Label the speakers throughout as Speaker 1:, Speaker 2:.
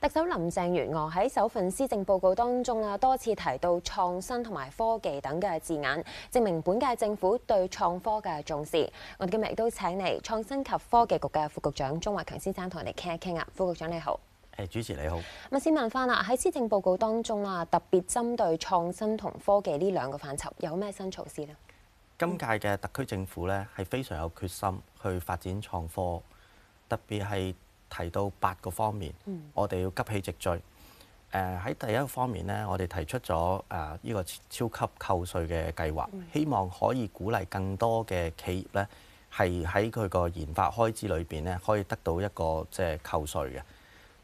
Speaker 1: 特首林鄭月娥喺首份施政報告當中啊，多次提到創新同埋科技等嘅字眼，證明本屆政府對創科嘅重視。我哋今日亦都請嚟創新及科技局嘅副局長鍾偉強先生同我哋傾一傾啊。副局長你好，
Speaker 2: 誒主持你好。
Speaker 1: 咁先問翻啦，喺施政報告當中啊，特別針對創新同科技呢兩個範疇，有咩新措施呢？
Speaker 2: 今屆嘅特區政府咧，係非常有決心去發展創科，特別係，提到八個方面，嗯、我哋要急起直追。喺、呃、第一個方面呢，我哋提出咗誒呢個超級扣稅嘅計劃，嗯、希望可以鼓勵更多嘅企業呢，係喺佢個研發開支裏邊呢，可以得到一個即係扣稅嘅。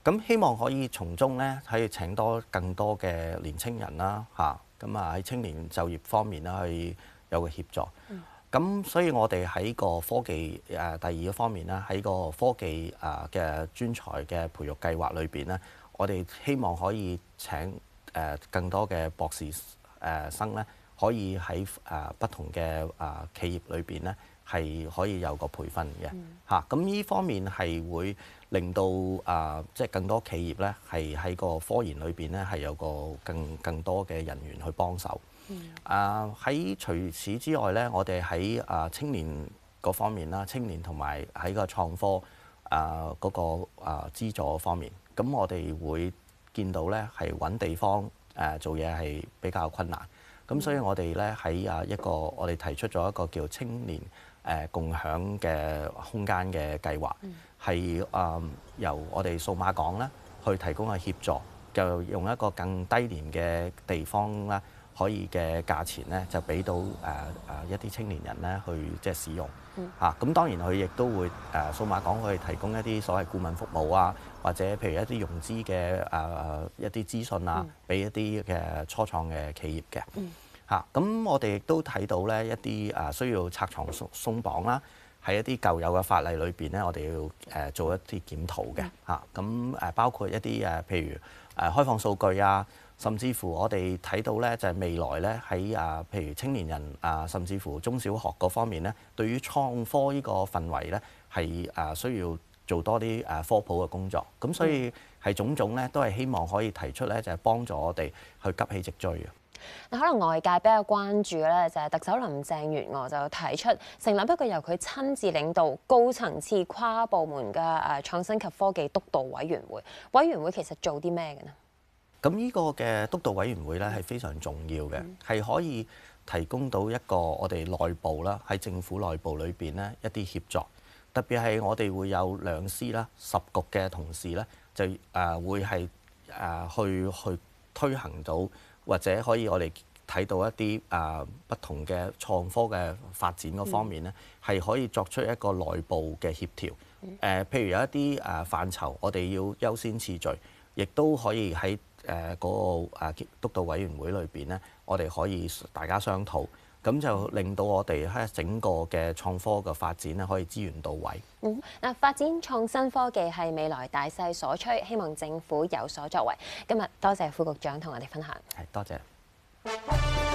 Speaker 2: 咁希望可以從中呢，可以請多更多嘅年青人啦、啊，嚇咁啊喺青年就業方面啦，可以有個協助。嗯咁所以我哋喺個科技誒、呃、第二嘅方面啦，喺個科技誒嘅專才嘅培育計劃裏邊咧，我哋希望可以請誒、呃、更多嘅博士誒、呃、生咧，可以喺誒、呃、不同嘅誒、呃、企業裏邊咧。係可以有個培訓嘅嚇，咁呢、嗯啊、方面係會令到啊，即、呃、係、就是、更多企業咧係喺個科研裏邊咧係有個更更多嘅人員去幫手、嗯、啊。喺除此之外咧，我哋喺啊青年嗰方面啦，青年同埋喺個創科啊嗰、呃嗰個啊、呃、資助方面，咁我哋會見到咧係揾地方誒、呃、做嘢係比較困難，咁所以我哋咧喺啊一個我哋提出咗一個叫青年。誒共享嘅空間嘅計劃係誒、嗯呃、由我哋數碼港咧去提供嘅協助，就用一個更低廉嘅地方咧，可以嘅價錢咧就俾到誒誒、呃、一啲青年人咧去即係使，使用嚇。咁、嗯啊、當然佢亦都會誒、呃、數碼港去提供一啲所謂顧問服務啊，或者譬如一啲融資嘅誒、呃、一啲資訊啊，俾、嗯、一啲嘅初創嘅企業嘅。嗯嚇，咁我哋亦都睇到咧一啲啊需要拆牆鬆鬆綁啦，喺一啲舊有嘅法例裏邊咧，我哋要誒做一啲檢討嘅嚇。咁誒、嗯、包括一啲誒譬如誒開放數據啊，甚至乎我哋睇到咧就係未來咧喺啊譬如青年人啊，甚至乎中小學嗰方面咧，對於創科呢個氛圍咧係誒需要做多啲誒科普嘅工作。咁、嗯、所以係種種咧都係希望可以提出咧就係幫助我哋去急起直追嘅。
Speaker 1: 嗱，可能外界比較關注咧，就係特首林鄭月娥就提出成立一個由佢親自領導高層次跨部門嘅誒創新及科技督導委員會。委員會其實做啲咩嘅呢？
Speaker 2: 咁呢個嘅督導委員會咧係非常重要嘅，係可以提供到一個我哋內部啦，喺政府內部裏邊咧一啲協助。特別係我哋會有兩司啦、十局嘅同事咧，就誒會係誒去去推行到。或者可以我哋睇到一啲啊、呃、不同嘅創科嘅發展嗰方面咧，係、嗯、可以作出一個內部嘅協調。誒、嗯呃，譬如有一啲啊、呃、範疇，我哋要優先次序，亦都可以喺誒嗰個、啊、督導委員會裏邊咧，我哋可以大家商討。咁就令到我哋喺整個嘅創科嘅發展咧，可以資源到位。
Speaker 1: 嗯，嗱，發展創新科技係未來大勢所趨，希望政府有所作為。今日多謝副局長同我哋分享。
Speaker 2: 係，多謝。